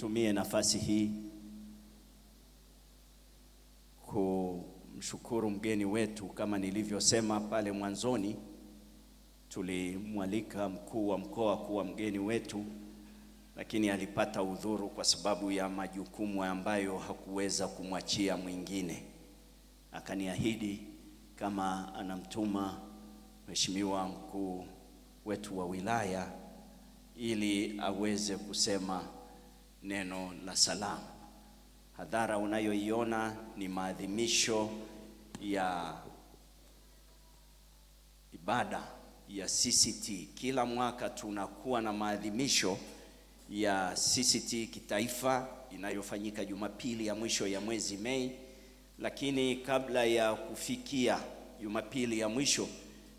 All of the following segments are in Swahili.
nitumie nafasi hii kumshukuru mgeni wetu. Kama nilivyosema pale mwanzoni, tulimwalika mkuu wa mkoa kuwa mgeni wetu, lakini alipata udhuru kwa sababu ya majukumu ambayo hakuweza kumwachia mwingine. Akaniahidi kama anamtuma mheshimiwa mkuu wetu wa wilaya ili aweze kusema neno la salamu. Hadhara unayoiona ni maadhimisho ya ibada ya CCT. Kila mwaka tunakuwa na maadhimisho ya CCT kitaifa inayofanyika Jumapili ya mwisho ya mwezi Mei, lakini kabla ya kufikia Jumapili ya mwisho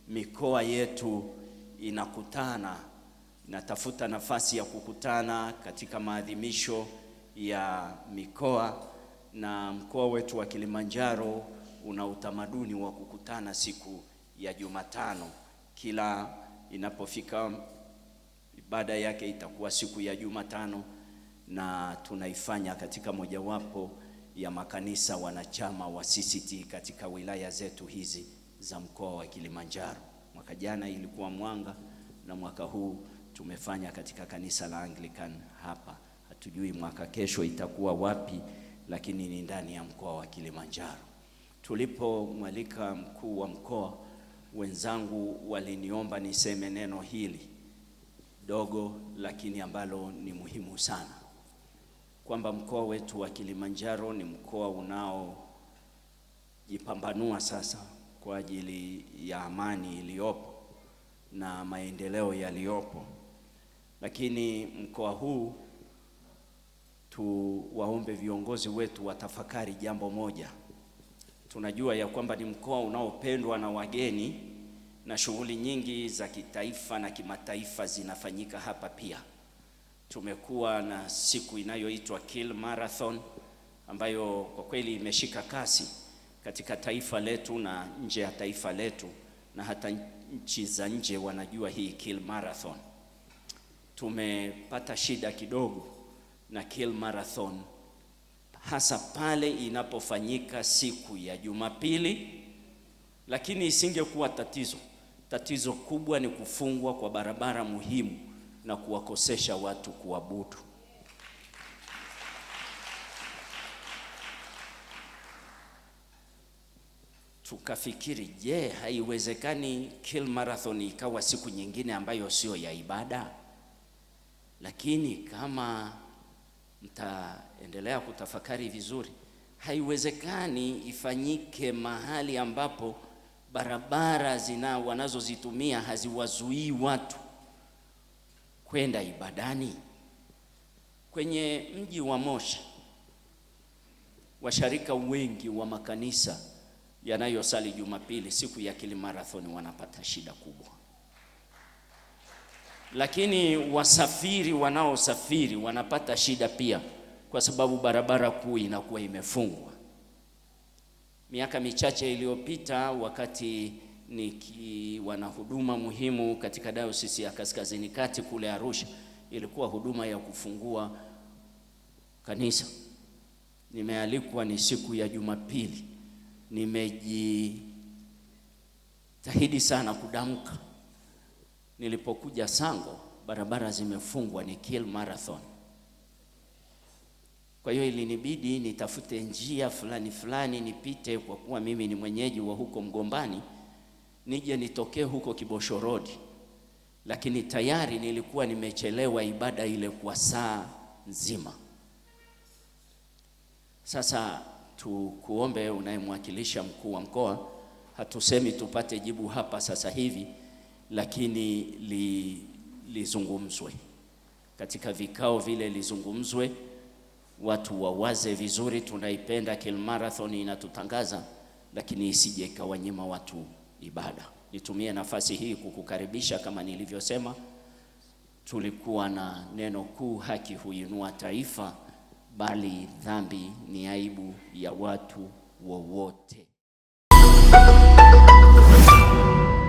mikoa yetu inakutana natafuta nafasi ya kukutana katika maadhimisho ya mikoa, na mkoa wetu wa Kilimanjaro una utamaduni wa kukutana siku ya Jumatano. Kila inapofika ibada yake itakuwa siku ya Jumatano, na tunaifanya katika mojawapo ya makanisa wanachama wa CCT katika wilaya zetu hizi za mkoa wa Kilimanjaro. Mwaka jana ilikuwa Mwanga na mwaka huu tumefanya katika kanisa la Anglican hapa. Hatujui mwaka kesho itakuwa wapi, lakini ni ndani ya mkoa wa Kilimanjaro. Tulipomwalika mkuu wa mkoa, wenzangu waliniomba niseme neno hili dogo, lakini ambalo ni muhimu sana, kwamba mkoa wetu wa Kilimanjaro ni mkoa unaojipambanua sasa kwa ajili ya amani iliyopo na maendeleo yaliyopo. Lakini mkoa huu tuwaombe viongozi wetu watafakari jambo moja. Tunajua ya kwamba ni mkoa unaopendwa na wageni na shughuli nyingi za kitaifa na kimataifa zinafanyika hapa pia. Tumekuwa na siku inayoitwa kill Marathon ambayo kwa kweli imeshika kasi katika taifa letu na nje ya taifa letu, na hata nchi za nje wanajua hii kill Marathon tumepata shida kidogo na Kiel Marathon, hasa pale inapofanyika siku ya Jumapili, lakini isingekuwa tatizo. Tatizo kubwa ni kufungwa kwa barabara muhimu na kuwakosesha watu kuabudu. Tukafikiri, je, haiwezekani Kiel Marathon ikawa siku nyingine ambayo sio ya ibada? Lakini kama mtaendelea kutafakari vizuri, haiwezekani ifanyike mahali ambapo barabara zina wanazozitumia haziwazuii watu kwenda ibadani. Kwenye mji wa Moshi, washarika wengi wa makanisa yanayosali Jumapili siku ya kilimarathoni wanapata shida kubwa lakini wasafiri wanaosafiri wanapata shida pia, kwa sababu barabara kuu inakuwa imefungwa. Miaka michache iliyopita, wakati nikiwa na huduma muhimu katika dayosisi ya Kaskazini Kati kule Arusha, ilikuwa huduma ya kufungua kanisa. Nimealikwa, ni siku ya Jumapili. Nimejitahidi sana kudamka nilipokuja Sango barabara zimefungwa, ni kill marathon. Kwa hiyo ilinibidi nitafute njia fulani fulani nipite, kwa kuwa mimi ni mwenyeji wa huko Mgombani, nije nitokee huko Kibosho Road, lakini tayari nilikuwa nimechelewa ibada ile kwa saa nzima. Sasa tukuombe, unayemwakilisha mkuu wa mkoa, hatusemi tupate jibu hapa sasa hivi lakini li, lizungumzwe katika vikao vile, lizungumzwe, watu wawaze vizuri. Tunaipenda Kilmarathon inatutangaza, lakini isije ikawanyima watu ibada. Nitumie nafasi hii kukukaribisha. Kama nilivyosema, tulikuwa na neno kuu, haki huinua taifa, bali dhambi ni aibu ya watu wowote.